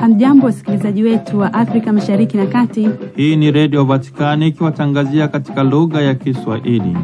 Hamjambo, wasikilizaji wetu wa Afrika Mashariki na Kati. Hii ni Redio Vatikani ikiwatangazia katika lugha ya Kiswahili.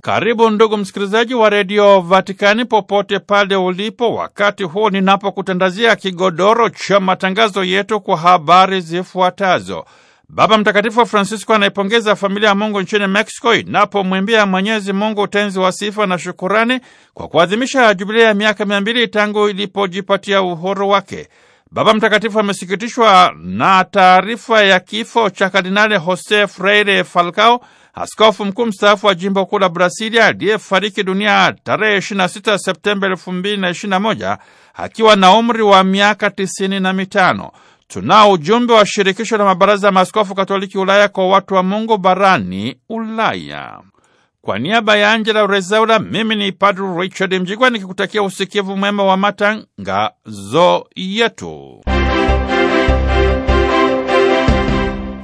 Karibu ndugu msikilizaji wa redio Vatikani popote pale ulipo, wakati huu ninapokutandazia kigodoro cha matangazo yetu kwa habari zifuatazo. Baba Mtakatifu wa Francisco anaipongeza familia ya Mungu nchini Mexico inapomwimbia Mwenyezi Mungu utenzi wa sifa na shukurani kwa kuadhimisha jubilia ya miaka mia mbili tangu ilipojipatia uhuru wake. Baba Mtakatifu amesikitishwa na taarifa ya kifo cha Kardinali Jose Freire Falcao, askofu mkuu mstaafu wa jimbo kuu la Brasilia, aliyefariki dunia tarehe 26 Septemba 2021 akiwa na umri wa miaka 95. Tunao ujumbe wa shirikisho la mabaraza ya maaskofu katoliki Ulaya kwa watu wa Mungu barani Ulaya. Kwa niaba ya Angela Rezaula, mimi ni Padre Richard Mjigwa nikikutakia usikivu mwema wa matangazo yetu.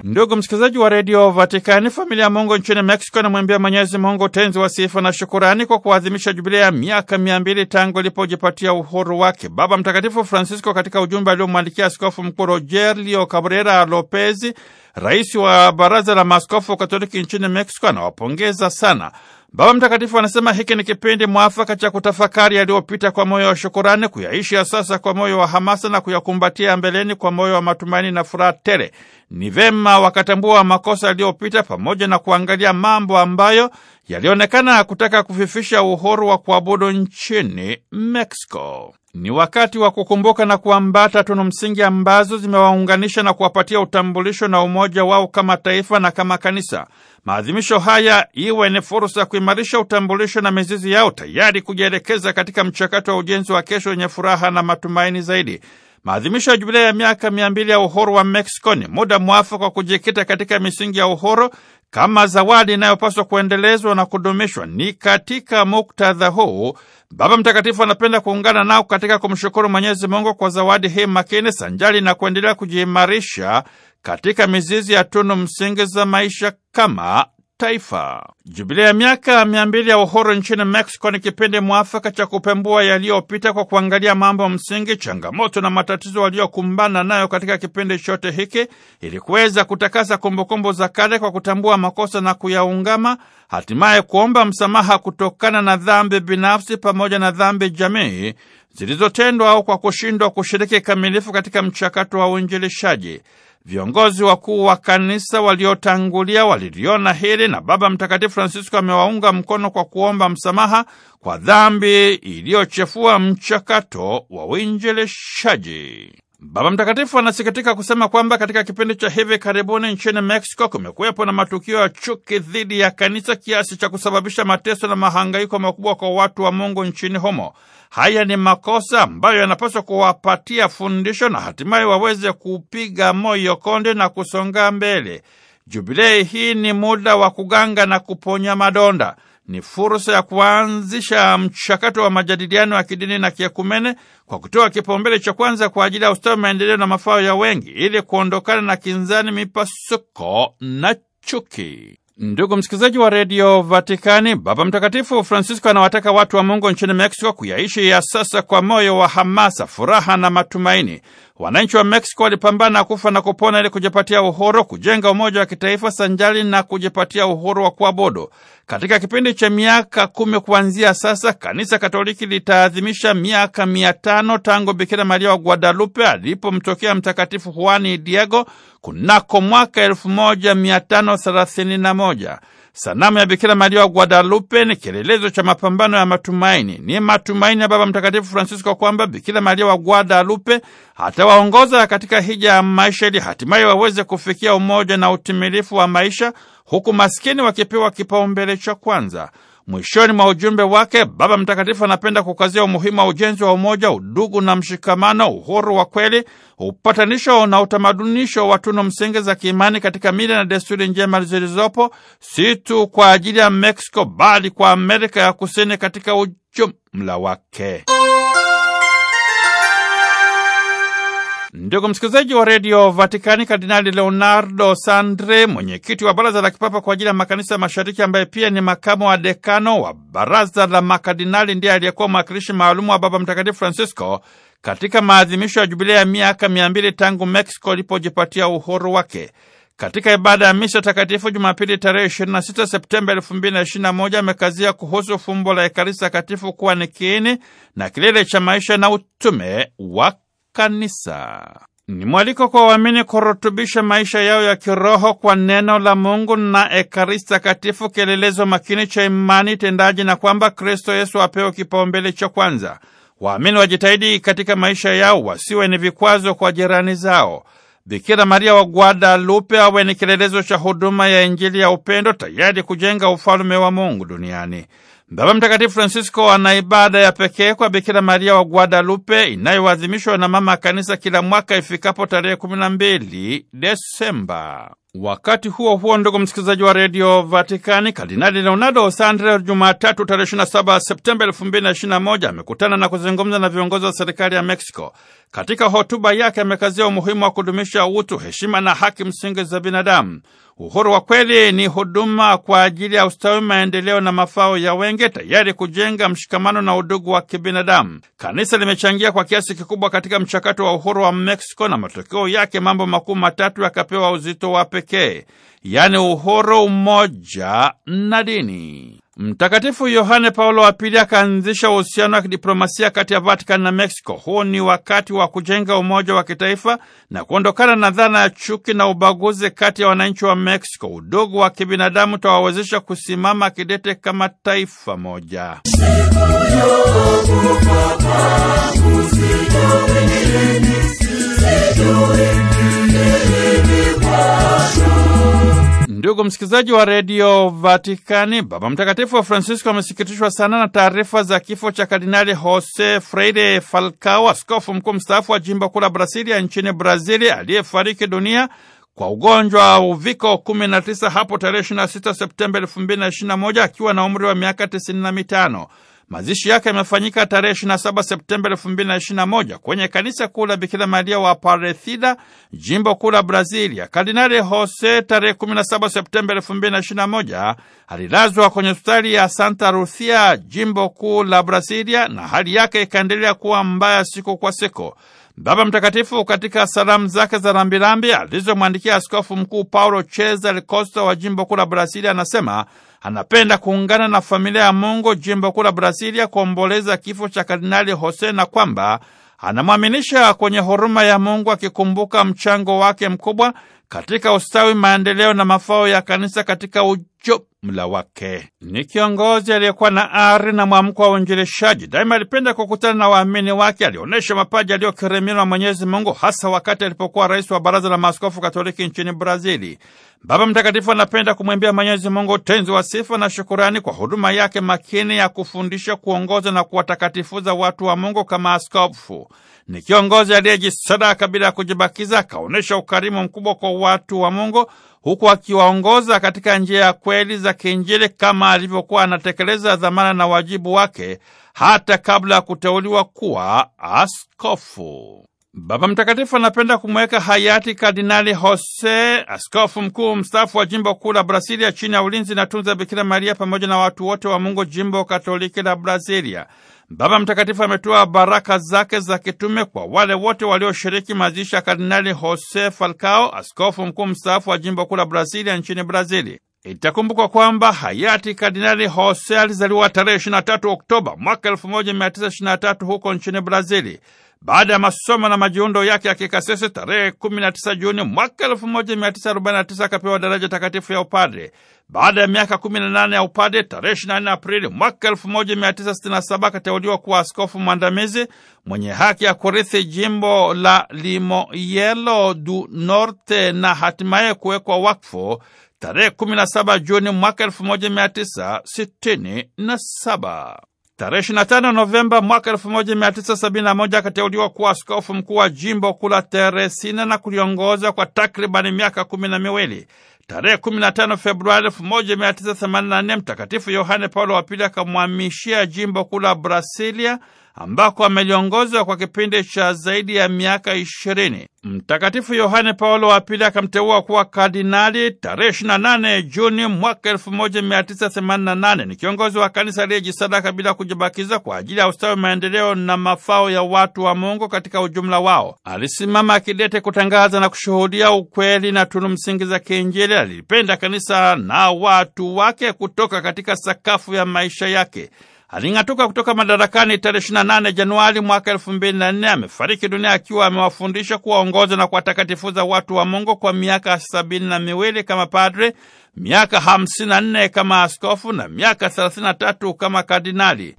Ndugu msikilizaji wa redio Vatikani, familia ya Mungu nchini Mexico inamwimbia Mwenyezi Mungu tenzi wa sifa na shukurani kwa kuadhimisha jubilia ya miaka mia mbili tangu ilipojipatia uhuru wake. Baba Mtakatifu Francisco, katika ujumbe aliomwandikia Askofu Mkuu Rogelio Cabrera lopezi rais wa Baraza la Maaskofu Katoliki nchini Mexico, anawapongeza sana Baba Mtakatifu anasema hiki ni kipindi mwafaka cha kutafakari yaliyopita kwa moyo wa shukurani, kuyaishi ya sasa kwa moyo wa hamasa na kuyakumbatia mbeleni kwa moyo wa matumaini na furaha tele. Ni vema wakatambua makosa yaliyopita pamoja na kuangalia mambo ambayo yalionekana kutaka kufifisha uhuru wa kuabudu nchini Mexico. Ni wakati wa kukumbuka na kuambata tunu msingi ambazo zimewaunganisha na kuwapatia utambulisho na umoja wao kama taifa na kama kanisa. Maadhimisho haya iwe ni fursa ya kuimarisha utambulisho na mizizi yao, tayari kujielekeza katika mchakato wa ujenzi wa kesho yenye furaha na matumaini zaidi. Maadhimisho ya jubilei ya miaka mia mbili ya uhuru wa Mexico ni muda mwafaka wa kujikita katika misingi ya uhuru kama zawadi inayopaswa kuendelezwa na kudumishwa. Ni katika muktadha huu Baba Mtakatifu anapenda kuungana nao katika kumshukuru Mwenyezi Mungu kwa zawadi hii makini, sanjali na kuendelea kujiimarisha katika mizizi ya tunu msingi za maisha kama kitaifa. Jubilia ya miaka mia mbili ya uhuru nchini Mexico ni kipindi mwafaka cha kupembua yaliyopita kwa kuangalia mambo msingi, changamoto na matatizo waliokumbana nayo katika kipindi chote hiki, ili kuweza kutakasa kumbukumbu za kale kwa kutambua makosa na kuyaungama, hatimaye kuomba msamaha kutokana na dhambi binafsi pamoja na dhambi jamii zilizotendwa au kwa kushindwa kushiriki kamilifu katika mchakato wa uinjilishaji. Viongozi wakuu wa kanisa waliotangulia waliliona hili na Baba Mtakatifu Francisco amewaunga mkono kwa kuomba msamaha kwa dhambi iliyochefua mchakato wa uinjilishaji. Baba Mtakatifu anasikitika kusema kwamba katika kipindi cha hivi karibuni nchini Mexico kumekuwepo na matukio ya chuki dhidi ya kanisa kiasi cha kusababisha mateso na mahangaiko makubwa kwa watu wa Mungu nchini humo. Haya ni makosa ambayo yanapaswa kuwapatia fundisho na hatimaye waweze kupiga moyo konde na kusonga mbele. Jubilei hii ni muda wa kuganga na kuponya madonda ni fursa ya kuanzisha mchakato wa majadiliano ya kidini na kiekumene kwa kutoa kipaumbele cha kwanza kwa ajili ya ustawi, maendeleo na mafao ya wengi ili kuondokana na kinzani, mipasuko na chuki. Ndugu msikilizaji wa redio Vatikani, Baba Mtakatifu Francisco anawataka watu wa Mungu nchini Mexico kuyaishi ya sasa kwa moyo wa hamasa, furaha na matumaini. Wananchi wa Mexico walipambana kufa na kupona ili kujipatia uhuru, kujenga umoja wa kitaifa sanjali na kujipatia uhuru wa kuabudu. Katika kipindi cha miaka kumi kuanzia sasa, Kanisa Katoliki litaadhimisha miaka mia tano tangu Bikira Maria wa Guadalupe alipomtokea Mtakatifu Juani Diego kunako mwaka elfu moja mia tano thelathini na moja. Sanamu ya Bikira Maria wa Guadalupe ni kielelezo cha mapambano ya matumaini. Ni matumaini ya Baba Mtakatifu Francisco kwamba Bikira Maria wa Guadalupe atawaongoza katika hija ya maisha ili hatimaye waweze kufikia umoja na utimilifu wa maisha, huku maskini wakipewa kipaumbele cha kwanza. Mwishoni mwa ujumbe wake, Baba Mtakatifu anapenda kukazia umuhimu wa ujenzi wa umoja, udugu na mshikamano, uhuru wa kweli, upatanisho na utamadunisho wa tunu msingi za kiimani katika mila na desturi njema zilizopo, si tu kwa ajili ya Meksiko bali kwa Amerika ya Kusini katika ujumla wake. Ndugu msikilizaji wa redio Vatikani, Kardinali Leonardo Sandre, mwenyekiti wa baraza la kipapa kwa ajili ya makanisa ya mashariki, ambaye pia ni makamu wa dekano wa baraza la makardinali, ndiye aliyekuwa mwakilishi maalumu wa Baba Mtakatifu Francisco katika maadhimisho ya jubilia ya miaka mia mbili tangu Mexico ilipojipatia uhuru wake. Katika ibada ya misa takatifu Jumapili tarehe 26 Septemba 2021 amekazia kuhusu fumbo la Ekaristi takatifu kuwa ni kiini na kilele cha maisha na utume wa kanisa. Ni mwaliko kwa waamini kurutubisha maisha yao ya kiroho kwa neno la Mungu na Ekaristi Takatifu, kielelezo makini cha imani tendaji, na kwamba Kristo Yesu apewe kipaumbele cha kwanza. Waamini wajitahidi katika maisha yao, wasiwe ni vikwazo kwa jirani zao. Bikira Maria wa Guadalupe awe ni kielelezo cha huduma ya Injili ya upendo, tayari kujenga ufalume wa Mungu duniani. Baba Mtakatifu Francisco ana ibada ya pekee kwa Bikira Maria wa Guadalupe inayoadhimishwa na mama kanisa kila mwaka ifikapo tarehe 12 Desemba. Wakati huo huo, ndugu msikilizaji wa redio Vatikani, Kardinali Leonardo Sandre Jumatatu tarehe 27 Septemba 2021 amekutana na kuzungumza na viongozi wa serikali ya Mexico. Katika hotuba yake amekazia umuhimu wa kudumisha utu, heshima na haki msingi za binadamu. Uhuru wa kweli ni huduma kwa ajili ya ustawi, maendeleo na mafao ya wengi, tayari kujenga mshikamano na udugu wa kibinadamu. Kanisa limechangia kwa kiasi kikubwa katika mchakato wa uhuru wa Mexico, na matokeo yake mambo makuu matatu yakapewa uzito wake pekee, yaani uhuru, umoja na dini. Mtakatifu Yohane Paulo wa Pili akaanzisha uhusiano wa kidiplomasia kati ya Vatican na Mexico. Huu ni wakati wa kujenga umoja wa kitaifa na kuondokana na dhana ya chuki na ubaguzi kati ya wananchi wa Mexico. Udugu wa kibinadamu utawawezesha kusimama kidete kama taifa moja. Ndugu msikilizaji wa redio Vatikani, Baba Mtakatifu wa Francisco amesikitishwa sana na taarifa za kifo cha Kardinali Jose Freire Falcao, askofu mkuu mstaafu wa jimbo kuu la Brasilia nchini Brazili, aliyefariki dunia kwa ugonjwa wa uviko 19 hapo tarehe 26 Septemba 2021 akiwa na umri wa miaka 95. Mazishi yake yamefanyika tarehe 27 Septemba 2021 kwenye kanisa kuu la Bikira Maria wa parethida jimbo kuu la Brazilia. Kardinali Jose tarehe 17 Septemba 2021 alilazwa kwenye hospitali ya Santa Lucia, jimbo kuu la Brazilia, na hali yake ikaendelea kuwa mbaya siku kwa siku. Baba Mtakatifu katika salamu zake za rambirambi alizomwandikia Askofu Mkuu Paulo Cesar Costa wa jimbo kuu la Brasilia anasema anapenda kuungana na familia ya Mungu jimbo kuu la Brasilia kuomboleza kifo cha Kardinali Hose na kwamba anamwaminisha kwenye huruma ya Mungu akikumbuka mchango wake mkubwa katika ustawi, maendeleo na mafao ya kanisa katika mla wake. Ni kiongozi aliyekuwa na ari na mwamko wa uinjilishaji. Daima alipenda kukutana na waamini wake. Alionyesha mapaji aliyokeremiwa na Mwenyezi Mungu, hasa wakati alipokuwa rais wa Baraza la Maaskofu Katoliki nchini Brazili. Baba Mtakatifu anapenda kumwimbia Mwenyezi Mungu tenzi wa sifa na shukurani kwa huduma yake makini ya kufundisha, kuongoza na kuwatakatifuza watu wa Mungu. Kama askofu, ni kiongozi aliyejisadaka bila ya kujibakiza, akaonyesha ukarimu mkubwa kwa watu wa Mungu huku akiwaongoza katika njia ya kweli za kiinjili kama alivyokuwa anatekeleza dhamana na wajibu wake hata kabla ya kuteuliwa kuwa askofu. Baba Mtakatifu anapenda kumweka hayati Kardinali Jose, askofu mkuu mstaafu wa jimbo kuu la Brasilia chini ya ulinzi na tunza Bikira Maria pamoja na watu wote wa Mungu jimbo Katoliki la Brasilia. Baba Mtakatifu ametoa baraka zake za kitume kwa wale wote walioshiriki mazishi ya Kardinali Jose Falcao, askofu mkuu mstaafu wa jimbo kuu la Brasilia nchini Brazili. Itakumbukwa kwamba hayati Kardinali Jose alizaliwa tarehe 23 Oktoba mwaka 1923 huko nchini Brazili baada ya masomo na majiundo yake ya kikasisi tarehe 19 Juni mwaka 1949 akapewa daraja takatifu ya upadre. Baada ya miaka 18 ya upadre, tarehe 24 Aprili mwaka 1967 akateuliwa kuwa askofu mwandamizi mwenye haki ya kurithi jimbo la Limoyelo du Norte na hatimaye kuwekwa wakfu tarehe 17 Juni mwaka 1967. Tarehe 25 Novemba mwaka 1971 akateuliwa kuwa askofu mkuu wa jimbo kuu la Teresina na kuliongoza kwa takribani miaka kumi na miwili. Tarehe 15 Februari 1984 Mtakatifu Yohane Paulo wa Pili akamwhamishia jimbo kuu la Brasilia ambako ameliongoza kwa kipindi cha zaidi ya miaka ishirini. Mtakatifu Yohane Paulo wa Pili akamteua kuwa kardinali tarehe 28 Juni mwaka 1988. Ni kiongozi wa kanisa aliyejisadaka bila kujibakiza kwa ajili ya ustawi, maendeleo na mafao ya watu wa Mungu katika ujumla wao. Alisimama akidete kutangaza na kushuhudia ukweli na tunu msingi za kiinjili. Alipenda kanisa na watu wake kutoka katika sakafu ya maisha yake aling'atuka kutoka madarakani tarehe 28 Januari mwaka 2004. Amefariki dunia akiwa amewafundisha, kuwaongoza na kuwatakatifuza watu wa Mungu kwa miaka sabini na miwili kama padre, miaka 54 kama askofu na miaka 33 kama kardinali.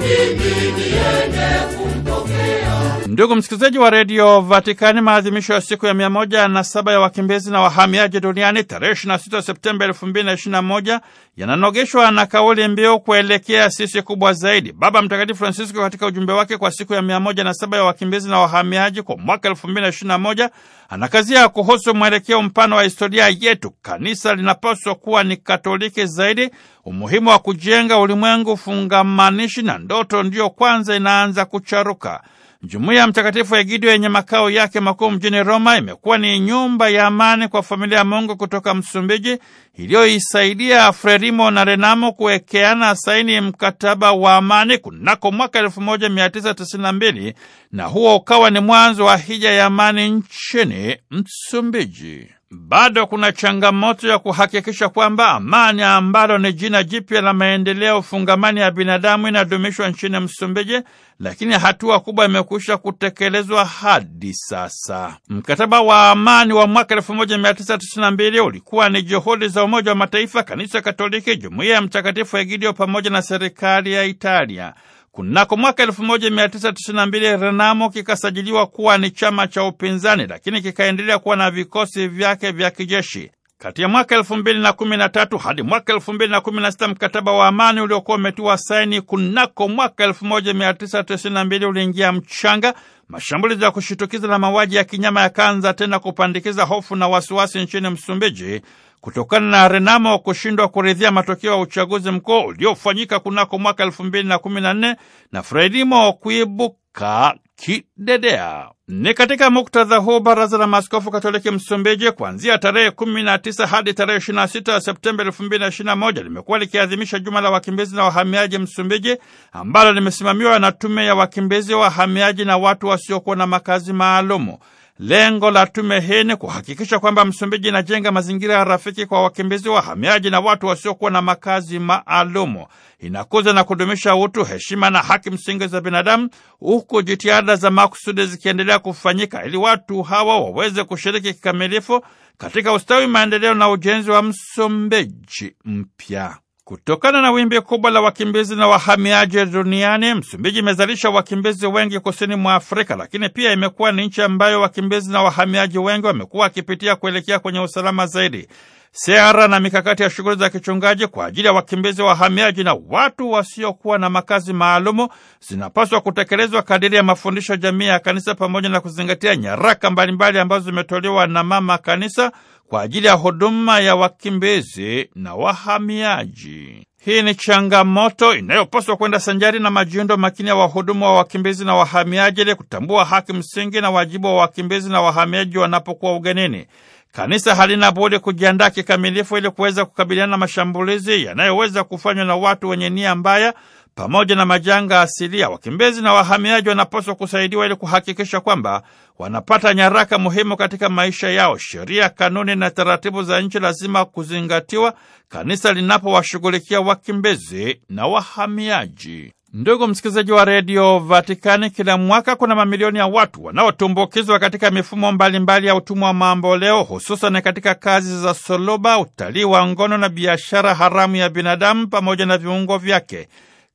Mimi niende kumpokea Ndugu msikilizaji wa redio Vatikani, maadhimisho ya siku ya mia moja na saba ya wakimbizi na wahamiaji duniani tarehe 26 Septemba 2021 yananogeshwa na kauli mbiu kuelekea sisi kubwa zaidi. Baba Mtakatifu Francisco katika ujumbe wake kwa siku ya mia moja na saba ya wakimbizi na wahamiaji kwa mwaka 2021 anakazia kuhusu mwelekeo mpana wa historia yetu. Kanisa linapaswa kuwa ni katoliki zaidi. Umuhimu wa kujenga ulimwengu fungamanishi na ndoto ndiyo kwanza inaanza kucharuka. Jumuiya ya Mtakatifu Egidio yenye makao yake makuu mjini Roma imekuwa ni nyumba ya amani kwa familia ya Mungu kutoka Msumbiji iliyoisaidia Frelimo na Renamo kuwekeana saini mkataba wa amani kunako mwaka 1992 na huo ukawa ni mwanzo wa hija ya amani nchini Msumbiji bado kuna changamoto ya kuhakikisha kwamba amani ambalo ni jina jipya la maendeleo fungamani ya binadamu inadumishwa nchini Msumbiji, lakini hatua kubwa imekwisha kutekelezwa hadi sasa. Mkataba wa amani wa mwaka 1992 ulikuwa ni juhudi za Umoja wa Mataifa, Kanisa Katoliki, Jumuiya ya Mtakatifu Egidio pamoja na serikali ya Italia. Kunako mwaka 1992 Renamo kikasajiliwa kuwa ni chama cha upinzani, lakini kikaendelea kuwa na vikosi vyake vya kijeshi. Kati ya mwaka elfu mbili na kumi na tatu hadi mwaka elfu mbili na kumi na sita mkataba wa amani uliokuwa umetiwa saini kunako mwaka elfu moja mia tisa tisini na mbili uliingia mchanga. Mashambulizi ya kushitukiza na mauaji ya kinyama yakaanza tena kupandikiza hofu na wasiwasi nchini Msumbiji kutokana na Renamo kushindwa kuridhia matokeo ya uchaguzi mkuu uliofanyika kunako mwaka elfu mbili na kumi na nne na Frelimo kuibuka kidedea. Ni katika muktadha huu Baraza la Maaskofu Katoliki Msumbiji kuanzia tarehe 19 hadi tarehe 26 Septemba 2021 limekuwa likiadhimisha juma la wakimbizi na wahamiaji Msumbiji ambalo limesimamiwa na Tume ya Wakimbizi, Wahamiaji na Watu Wasiokuwa na Makazi Maalumu. Lengo la tume hii ni kuhakikisha kwamba Msumbiji inajenga mazingira ya rafiki kwa wakimbizi, wahamiaji na watu wasiokuwa na makazi maalumu, inakuza na kudumisha utu, heshima na haki msingi za binadamu, huku jitihada za makusudi zikiendelea kufanyika ili watu hawa waweze kushiriki kikamilifu katika ustawi, maendeleo na ujenzi wa Msumbiji mpya. Kutokana na wimbi kubwa la wakimbizi na wahamiaji duniani, Msumbiji imezalisha wakimbizi wengi kusini mwa Afrika, lakini pia imekuwa ni nchi ambayo wakimbizi na wahamiaji wengi wamekuwa wakipitia kuelekea kwenye usalama zaidi. Sera na mikakati ya shughuli za kichungaji kwa ajili ya wakimbizi, wahamiaji na watu wasiokuwa na makazi maalumu zinapaswa kutekelezwa kadiri ya mafundisho jamii ya Kanisa pamoja na kuzingatia nyaraka mbalimbali ambazo zimetolewa na Mama Kanisa kwa ajili ya huduma ya wakimbizi na wahamiaji. Hii ni changamoto inayopaswa kwenda sanjari na majiundo makini ya wahudumu wa wakimbizi na wahamiaji ili kutambua haki msingi na wajibu wa wakimbizi na wahamiaji wanapokuwa ugenini. Kanisa halina budi kujiandaa kikamilifu ili kuweza kukabiliana na mashambulizi yanayoweza kufanywa na watu wenye nia mbaya pamoja na majanga asilia, wakimbizi na wahamiaji wanapaswa kusaidiwa ili kuhakikisha kwamba wanapata nyaraka muhimu katika maisha yao. Sheria, kanuni na taratibu za nchi lazima kuzingatiwa kanisa linapowashughulikia wakimbizi na wahamiaji. Ndugu msikilizaji wa redio Vatikani, kila mwaka kuna mamilioni ya watu wanaotumbukizwa katika mifumo mbalimbali mbali ya utumwa wa mamboleo, hususan katika kazi za soloba, utalii wa ngono na biashara haramu ya binadamu pamoja na viungo vyake.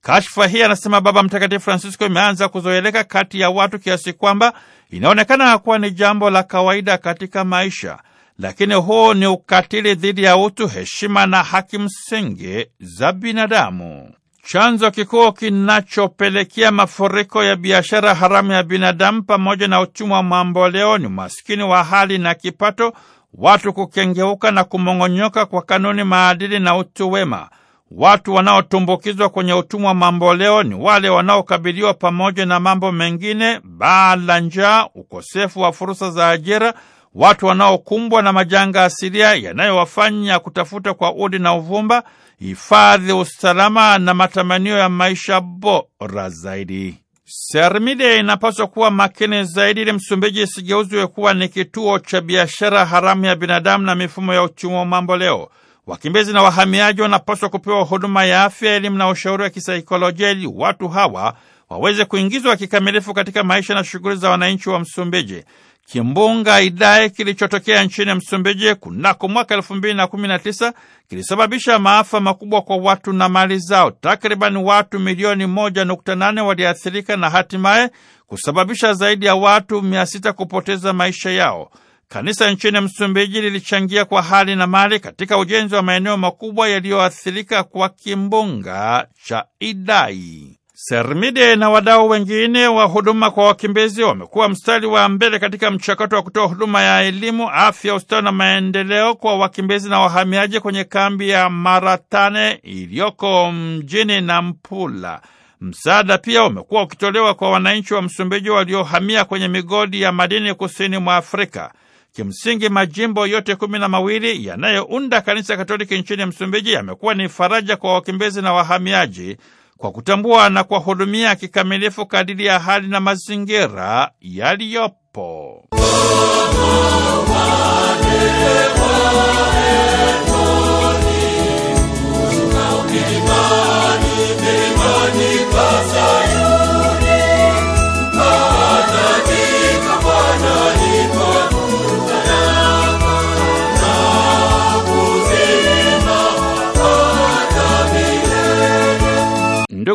Kashfa hii, anasema Baba Mtakatifu Francisco, imeanza kuzoeleka kati ya watu kiasi kwamba inaonekana kuwa ni jambo la kawaida katika maisha, lakini huu ni ukatili dhidi ya utu, heshima na haki msingi za binadamu. Chanzo kikuu kinachopelekea mafuriko ya biashara haramu ya binadamu pamoja na uchumi wa mamboleo ni umaskini wa hali na kipato, watu kukengeuka na kumong'onyoka kwa kanuni, maadili na utu wema. Watu wanaotumbukizwa kwenye utumwa mamboleo ni wale wanaokabiliwa pamoja na mambo mengine, baa la njaa, ukosefu wa fursa za ajira, watu wanaokumbwa na majanga asilia yanayowafanya kutafuta kwa udi na uvumba, hifadhi, usalama na matamanio ya maisha bora zaidi. Sermide inapaswa kuwa makini zaidi ili Msumbiji isigeuzwe kuwa ni kituo cha biashara haramu ya binadamu na mifumo ya uchumi wa leo. Wakimbizi na wahamiaji wanapaswa kupewa huduma ya afya, elimu na ushauri wa kisaikolojia ili watu hawa waweze kuingizwa kikamilifu katika maisha na shughuli za wananchi wa Msumbiji. Kimbunga Idai kilichotokea nchini Msumbiji kunako mwaka elfu mbili na kumi na tisa kilisababisha maafa makubwa kwa watu na mali zao. Takribani watu milioni moja nukta nane waliathirika na hatimaye kusababisha zaidi ya watu mia sita kupoteza maisha yao. Kanisa nchini Msumbiji lilichangia kwa hali na mali katika ujenzi wa maeneo makubwa yaliyoathirika kwa kimbunga cha Idai. Sermide na wadau wengine wa huduma kwa wakimbizi wamekuwa mstari wa mbele katika mchakato wa kutoa huduma ya elimu, afya, ustawi na maendeleo kwa wakimbizi na wahamiaji kwenye kambi ya Maratane iliyoko mjini Nampula. Msaada pia umekuwa ukitolewa kwa wananchi wa Msumbiji waliohamia kwenye migodi ya madini kusini mwa Afrika. Kimsingi, majimbo yote kumi na mawili yanayounda kanisa Katoliki nchini Msumbiji yamekuwa ni faraja kwa wakimbizi na wahamiaji kwa kutambua na kuwahudumia kikamilifu kadiri ya hali na mazingira yaliyopo.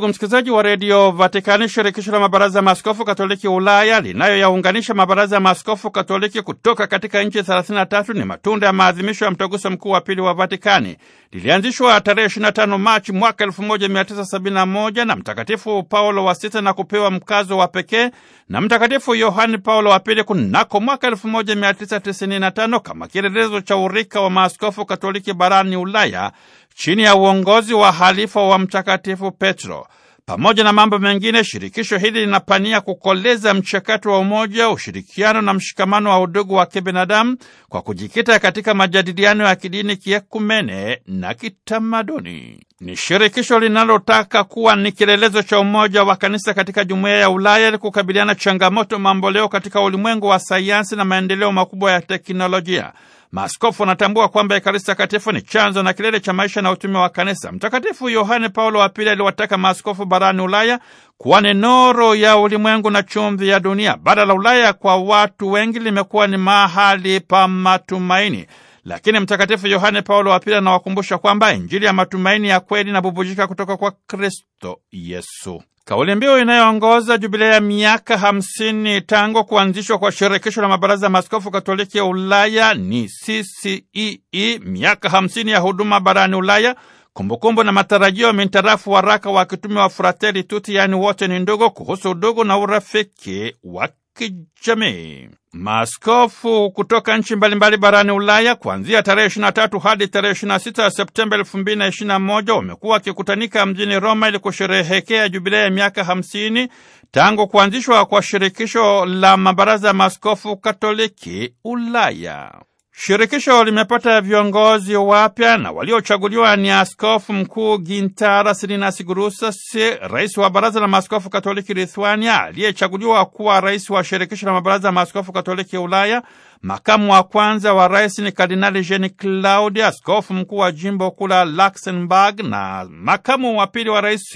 msikilizaji wa redio Vatikani, shirikisho la mabaraza ya maaskofu katoliki Ulaya linayoyaunganisha mabaraza ya maaskofu katoliki kutoka katika nchi 33 ni matunda ya maadhimisho ya mtaguso mkuu wa pili wa Vatikani. Lilianzishwa tarehe 25 Machi mwaka 1971 na Mtakatifu Paulo wa Sita na kupewa mkazo wa pekee na Mtakatifu Yohani Paulo wa Pili kunako mwaka 1995 kama kielelezo cha urika wa maaskofu katoliki barani Ulaya chini ya uongozi wa halifa wa Mtakatifu Petro. Pamoja na mambo mengine, shirikisho hili linapania kukoleza mchakato wa umoja, ushirikiano na mshikamano wa udugu wa kibinadamu kwa kujikita katika majadiliano ya kidini, kiekumene na kitamaduni. Ni shirikisho linalotaka kuwa ni kielelezo cha umoja wa kanisa katika jumuiya ya Ulaya ili kukabiliana changamoto mamboleo katika ulimwengu wa sayansi na maendeleo makubwa ya teknolojia. Maaskofu wanatambua kwamba Ekaristi Takatifu ni chanzo na kilele cha maisha na utume wa Kanisa. Mtakatifu Yohane Paulo wa Pili aliwataka maaskofu barani Ulaya kuwa ni noro ya ulimwengu na chumvi ya dunia. Bara la Ulaya kwa watu wengi limekuwa ni mahali pa matumaini, lakini Mtakatifu Yohane Paulo wa Pili anawakumbusha kwamba Injili ya matumaini ya kweli inabubujika kutoka kwa Kristo Yesu. Kauli mbiu inayoongoza jubilei ya miaka hamsini tangu kuanzishwa kwa shirikisho la mabaraza ya maskofu katoliki ya Ulaya ni CCEE, e, miaka hamsini ya huduma barani Ulaya, kumbukumbu na matarajio mintarafu waraka wa kitume wa Fratelli Tutti, yaani wote ni ndugu, kuhusu udugu na urafiki wa kijamii maaskofu kutoka nchi mbalimbali barani Ulaya kuanzia tarehe 23 hadi tarehe 26 Septemba 2021 wamekuwa wakikutanika mjini Roma ili kusherehekea jubilei ya miaka 50 tangu kuanzishwa kwa shirikisho la mabaraza ya maaskofu Katoliki Ulaya. Shirikisho limepata viongozi wapya na waliochaguliwa ni Askofu Mkuu Gintara Silinas Grusas, rais wa Baraza la Maaskofu Katoliki Lithuania, aliyechaguliwa kuwa rais wa Shirikisho la Mabaraza ya Maaskofu Katoliki Ulaya. Makamu wa kwanza wa rais ni Kardinali Jean Claude, askofu mkuu wa jimbo kuu la Luxembourg, na makamu wa pili wa rais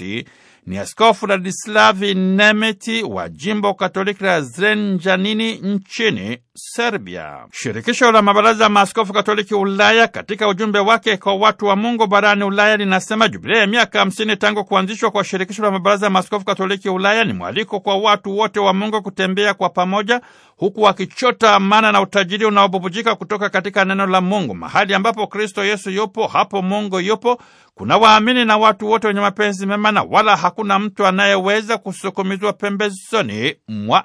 ni askofu radislavi Nemeti wa jimbo katoliki la Zrenjanini nchini Serbia. Shirikisho la mabaraza ya maaskofu katoliki Ulaya katika ujumbe wake kwa watu wa Mungu barani Ulaya linasema jubilia ya miaka 50 tangu kuanzishwa kwa shirikisho la mabaraza ya maaskofu katoliki Ulaya ni mwaliko kwa watu wote wa Mungu kutembea kwa pamoja, huku wakichota amana na utajiri unaobubujika kutoka katika neno la Mungu. Mahali ambapo Kristo Yesu yupo, hapo Mungu yupo kuna waamini na watu wote wenye mapenzi mema, na wala hakuna mtu anayeweza kusukumizwa pembezoni mwa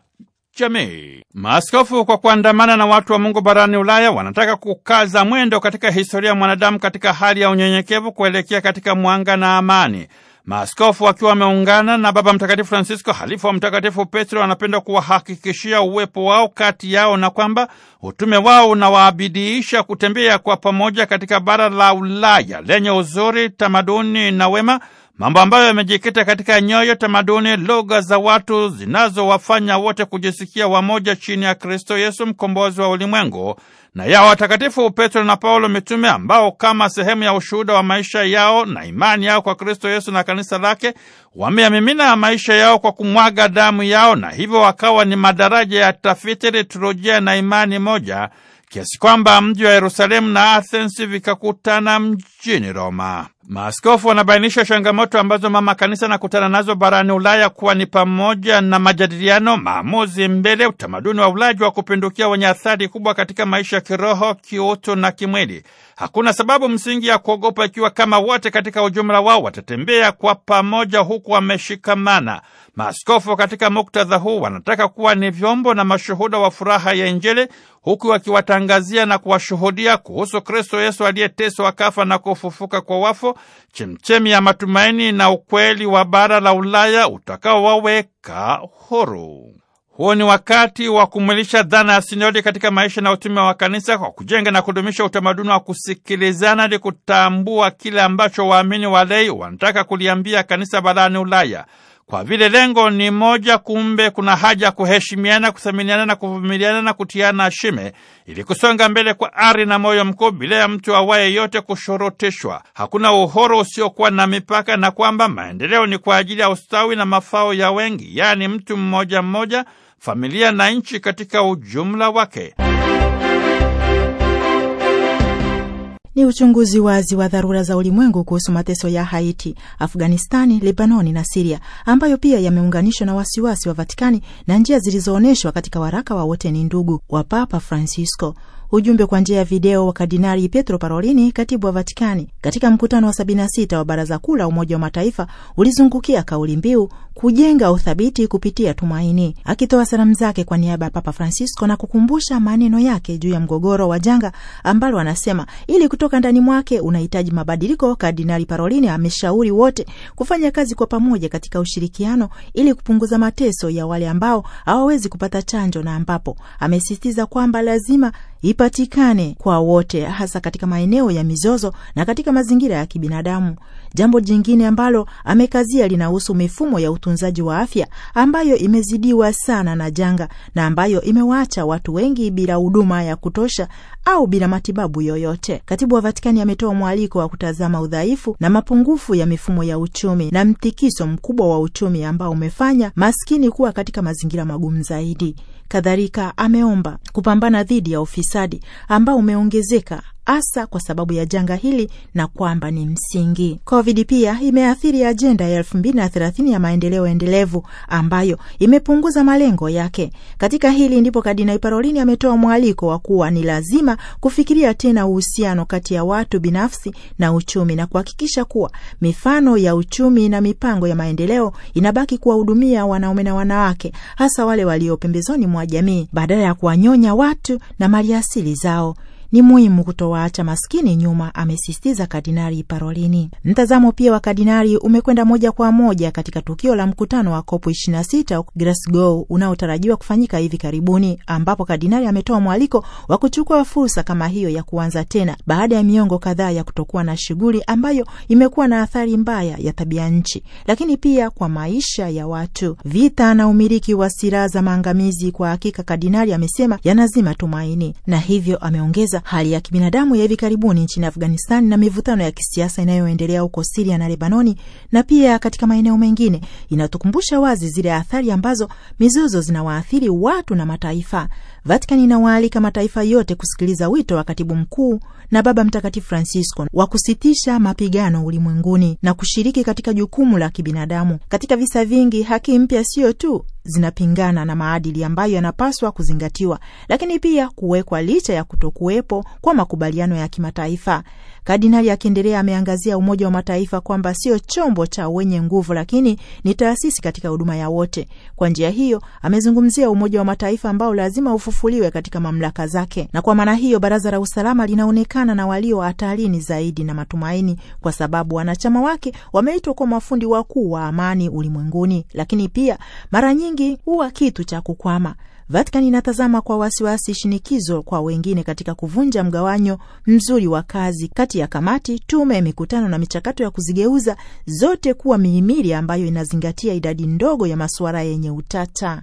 jamii. Maaskofu kwa kuandamana na watu wa Mungu barani Ulaya wanataka kukaza mwendo katika historia ya mwanadamu katika hali ya unyenyekevu kuelekea katika mwanga na amani. Maaskofu wakiwa wameungana na Baba Mtakatifu Francisco, halifu wa Mtakatifu Petro, wanapenda kuwahakikishia uwepo wao kati yao na kwamba utume wao unawaabidiisha kutembea kwa pamoja katika bara la Ulaya lenye uzuri, tamaduni na wema mambo ambayo yamejikita katika nyoyo, tamaduni, lugha za watu zinazowafanya wote kujisikia wamoja chini ya Kristo Yesu, mkombozi wa ulimwengu, na ya watakatifu Petro na Paulo mitume, ambao kama sehemu ya ushuhuda wa maisha yao na imani yao kwa Kristo Yesu na kanisa lake, wameyamimina maisha yao kwa kumwaga damu yao, na hivyo wakawa ni madaraja ya tafiti, liturujia na imani moja, kiasi kwamba mji wa Yerusalemu na athensi vikakutana mjini Roma. Maaskofu wanabainisha changamoto ambazo mama kanisa anakutana nazo barani Ulaya kuwa ni pamoja na majadiliano, maamuzi mbele, utamaduni wa ulaji wa kupindukia wenye athari kubwa katika maisha ya kiroho, kiutu na kimwili. Hakuna sababu msingi ya kuogopa ikiwa kama wote katika ujumla wao watatembea kwa pamoja huku wameshikamana. Maaskofu katika muktadha huu wanataka kuwa ni vyombo na mashuhuda wa furaha ya Injili huku wakiwatangazia na kuwashuhudia kuhusu Kristo Yesu aliyeteswa kafa na kufufuka kwa wafu chemchemi ya matumaini na ukweli wa bara la Ulaya utakaowaweka huru. Huo ni wakati wa kumwilisha dhana ya sinodi katika maisha na utume wa kanisa kwa kujenga na kudumisha utamaduni wa kusikilizana ili kutambua kile ambacho waamini walei wanataka kuliambia kanisa barani Ulaya. Kwa vile lengo ni moja, kumbe kuna haja kuheshimiana, kuthaminiana na kuvumiliana na kutiana shime ili kusonga mbele kwa ari na moyo mkuu bila ya mtu awaye yote kushorotishwa. Hakuna uhuru usiokuwa na mipaka, na kwamba maendeleo ni kwa ajili ya ustawi na mafao ya wengi, yaani mtu mmoja mmoja, familia na nchi katika ujumla wake. ni uchunguzi wazi wa dharura za ulimwengu kuhusu mateso ya Haiti, Afganistani, Lebanoni na Siria, ambayo pia yameunganishwa na wasiwasi wa Vatikani na njia zilizoonyeshwa katika waraka wa wote ni ndugu wa Papa Francisco. Ujumbe kwa njia ya video wa Kardinali Pietro Parolini, katibu wa Vatikani, katika mkutano wa 76 wa Baraza Kuu la Umoja wa Mataifa ulizungukia kauli mbiu kujenga uthabiti kupitia tumaini. Akitoa salamu zake kwa niaba ya Papa Francisco na kukumbusha maneno yake juu ya mgogoro wa janga ambalo anasema ili kutoka ndani mwake unahitaji mabadiliko, Kardinali Parolini ameshauri wote kufanya kazi kwa pamoja katika ushirikiano ili kupunguza mateso ya wale ambao hawawezi kupata chanjo, na ambapo amesisitiza kwamba lazima ipatikane kwa wote, hasa katika maeneo ya mizozo na katika mazingira ya kibinadamu. Jambo jingine ambalo amekazia linahusu mifumo ya utunzaji wa afya ambayo imezidiwa sana na janga na ambayo imewaacha watu wengi bila huduma ya kutosha au bila matibabu yoyote. Katibu wa Vatikani ametoa mwaliko wa kutazama udhaifu na mapungufu ya mifumo ya uchumi na mtikiso mkubwa wa uchumi ambao umefanya maskini kuwa katika mazingira magumu zaidi. Kadhalika ameomba kupambana dhidi ya ufisadi ambao umeongezeka hasa kwa sababu ya janga hili na kwamba ni msingi. Covid pia imeathiri ajenda ya elfu mbili na thelathini ya maendeleo endelevu ambayo imepunguza malengo yake. Katika hili ndipo Kardinali Parolini ametoa mwaliko wa kuwa ni lazima lazima kufikiria tena uhusiano kati ya watu binafsi na uchumi na kuhakikisha kuwa mifano ya uchumi na mipango ya maendeleo inabaki kuwahudumia wanaume na wanawake, hasa wale walio pembezoni mwa jamii, badala ya kuwanyonya watu na maliasili zao ni muhimu kutowaacha maskini nyuma, amesisitiza Kardinali Parolini. Mtazamo pia wa kardinali umekwenda moja kwa moja katika tukio la mkutano wa COP 26 Glasgow unaotarajiwa kufanyika hivi karibuni, ambapo kardinali ametoa mwaliko wa kuchukua fursa kama hiyo ya kuanza tena baada ya miongo kadhaa ya kutokuwa na shughuli ambayo imekuwa na athari mbaya ya tabia nchi, lakini pia kwa maisha ya watu. Vita na umiliki wa silaha za maangamizi, kwa hakika, kardinali amesema, yanazima tumaini, na hivyo ameongeza kueleza hali ya kibinadamu ya hivi karibuni nchini Afghanistan na mivutano ya kisiasa inayoendelea huko Siria na Lebanoni na pia katika maeneo mengine, inatukumbusha wazi zile athari ambazo mizozo zinawaathiri watu na mataifa. Vatikani inawaalika mataifa yote kusikiliza wito wa katibu mkuu na Baba Mtakatifu Francisco wa kusitisha mapigano ulimwenguni na kushiriki katika jukumu la kibinadamu. Katika visa vingi, haki mpya siyo tu zinapingana na maadili ambayo yanapaswa kuzingatiwa, lakini pia kuwekwa licha ya kutokuwepo kwa makubaliano ya kimataifa. Kardinali akiendelea ameangazia Umoja wa Mataifa kwamba sio chombo cha wenye nguvu, lakini ni taasisi katika huduma ya wote. Kwa njia hiyo, amezungumzia Umoja wa Mataifa ambao lazima ufufuliwe katika mamlaka zake, na kwa maana hiyo Baraza la Usalama linaonekana kujulikana na walio hatarini zaidi na matumaini, kwa sababu wanachama wake wameitwa kwa mafundi wakuu wa amani ulimwenguni, lakini pia mara nyingi huwa kitu cha kukwama. Vatican inatazama kwa wasiwasi shinikizo kwa wengine katika kuvunja mgawanyo mzuri wa kazi kati ya kamati, tume, mikutano na michakato ya kuzigeuza zote kuwa mihimili ambayo inazingatia idadi ndogo ya masuala yenye utata.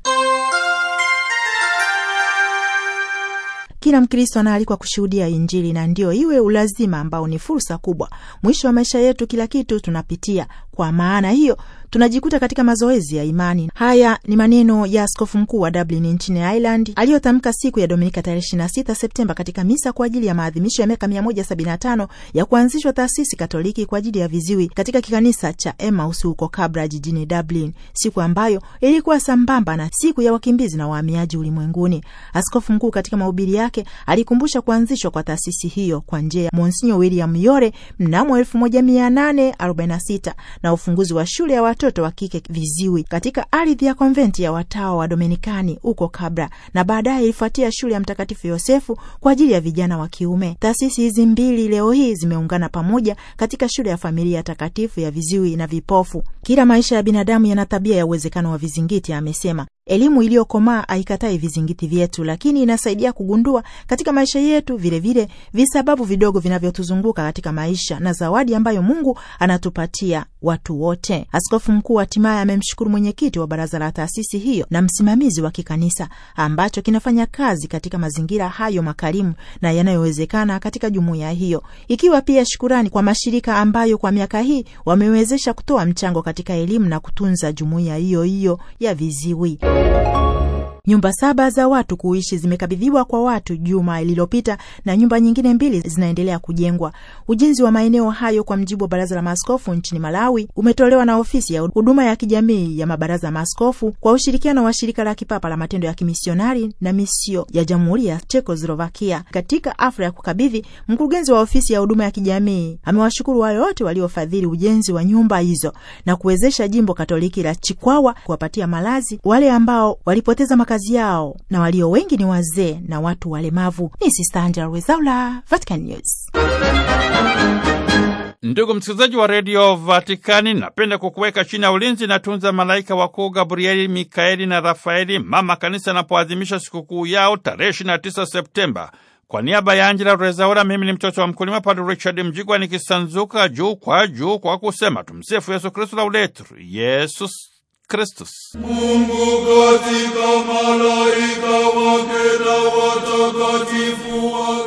Kila Mkristo anaalikwa kushuhudia Injili na ndio iwe ulazima ambao ni fursa kubwa. Mwisho wa maisha yetu, kila kitu tunapitia. Kwa maana hiyo tunajikuta katika mazoezi ya imani. Haya ni maneno ya askofu mkuu wa Dublin nchini Ireland aliyotamka siku ya Dominika tarehe 26 Septemba katika misa kwa ajili ya maadhimisho ya miaka 175 ya kuanzishwa taasisi Katoliki kwa ajili ya viziwi katika kikanisa cha Emmaus huko Cabra jijini Dublin, siku ambayo ilikuwa sambamba na siku ya wakimbizi na wahamiaji ulimwenguni. Askofu mkuu katika mahubiri yake alikumbusha kuanzishwa kwa taasisi hiyo kwa njia ya Monsinyo William Yore mnamo 1846 na ufunguzi wa shule ya watoto wa kike viziwi katika ardhi ya konventi ya watawa wa Dominikani huko Kabra, na baadaye ilifuatia shule ya Mtakatifu Yosefu kwa ajili ya vijana wa kiume. Taasisi hizi mbili leo hii zimeungana pamoja katika shule ya familia takatifu ya viziwi na vipofu. Kila maisha ya binadamu yana tabia ya uwezekano wa vizingiti, amesema, Elimu iliyokomaa haikatai vizingiti vyetu, lakini inasaidia kugundua katika maisha yetu vilevile visababu vidogo vinavyotuzunguka katika maisha na zawadi ambayo Mungu anatupatia watu wote. Askofu mkuu hatimaye amemshukuru mwenyekiti wa baraza la taasisi hiyo na msimamizi wa kikanisa ambacho kinafanya kazi katika mazingira hayo makarimu na yanayowezekana katika jumuiya hiyo, ikiwa pia shukurani kwa mashirika ambayo kwa miaka hii wamewezesha kutoa mchango katika elimu na kutunza jumuiya hiyo hiyo ya viziwi. 啊。Nyumba saba za watu kuishi zimekabidhiwa kwa watu juma lililopita na nyumba nyingine mbili zinaendelea kujengwa. Ujenzi wa maeneo hayo kwa mjibu wa baraza la maaskofu nchini Malawi umetolewa na ofisi ya huduma ya kijamii ya mabaraza maaskofu kwa ushirikiano wa shirika la kipapa la matendo ya kimisionari na misio ya jamhuri ya Chekoslovakia. Katika afra ya kukabidhi, mkurugenzi wa ofisi ya huduma ya kijamii amewashukuru wale wote waliofadhili ujenzi wa nyumba hizo na kuwezesha jimbo Katoliki la Chikwawa kuwapatia malazi wale ambao walipoteza kazi yao, na walio wengi ni wazee na watu walemavu. Ni Sista Angela Rwezaula, Vatican News. Ndugu msikilizaji wa redio Vatikani, napenda kukuweka chini ya ulinzi na tunza malaika wakuu Gabrieli, Mikaeli na Rafaeli mama kanisa anapoadhimisha sikukuu yao tarehe 29 Septemba. Kwa niaba ya Angela Rezaura, mimi ni mtoto wa mkulima Padre Richard Mjigwa nikisanzuka juu kwa juu kwa kusema tumsifu Yesu Kristu, lauletru Yesus Kristus. Mungu katika malaika wake na watakatifu wake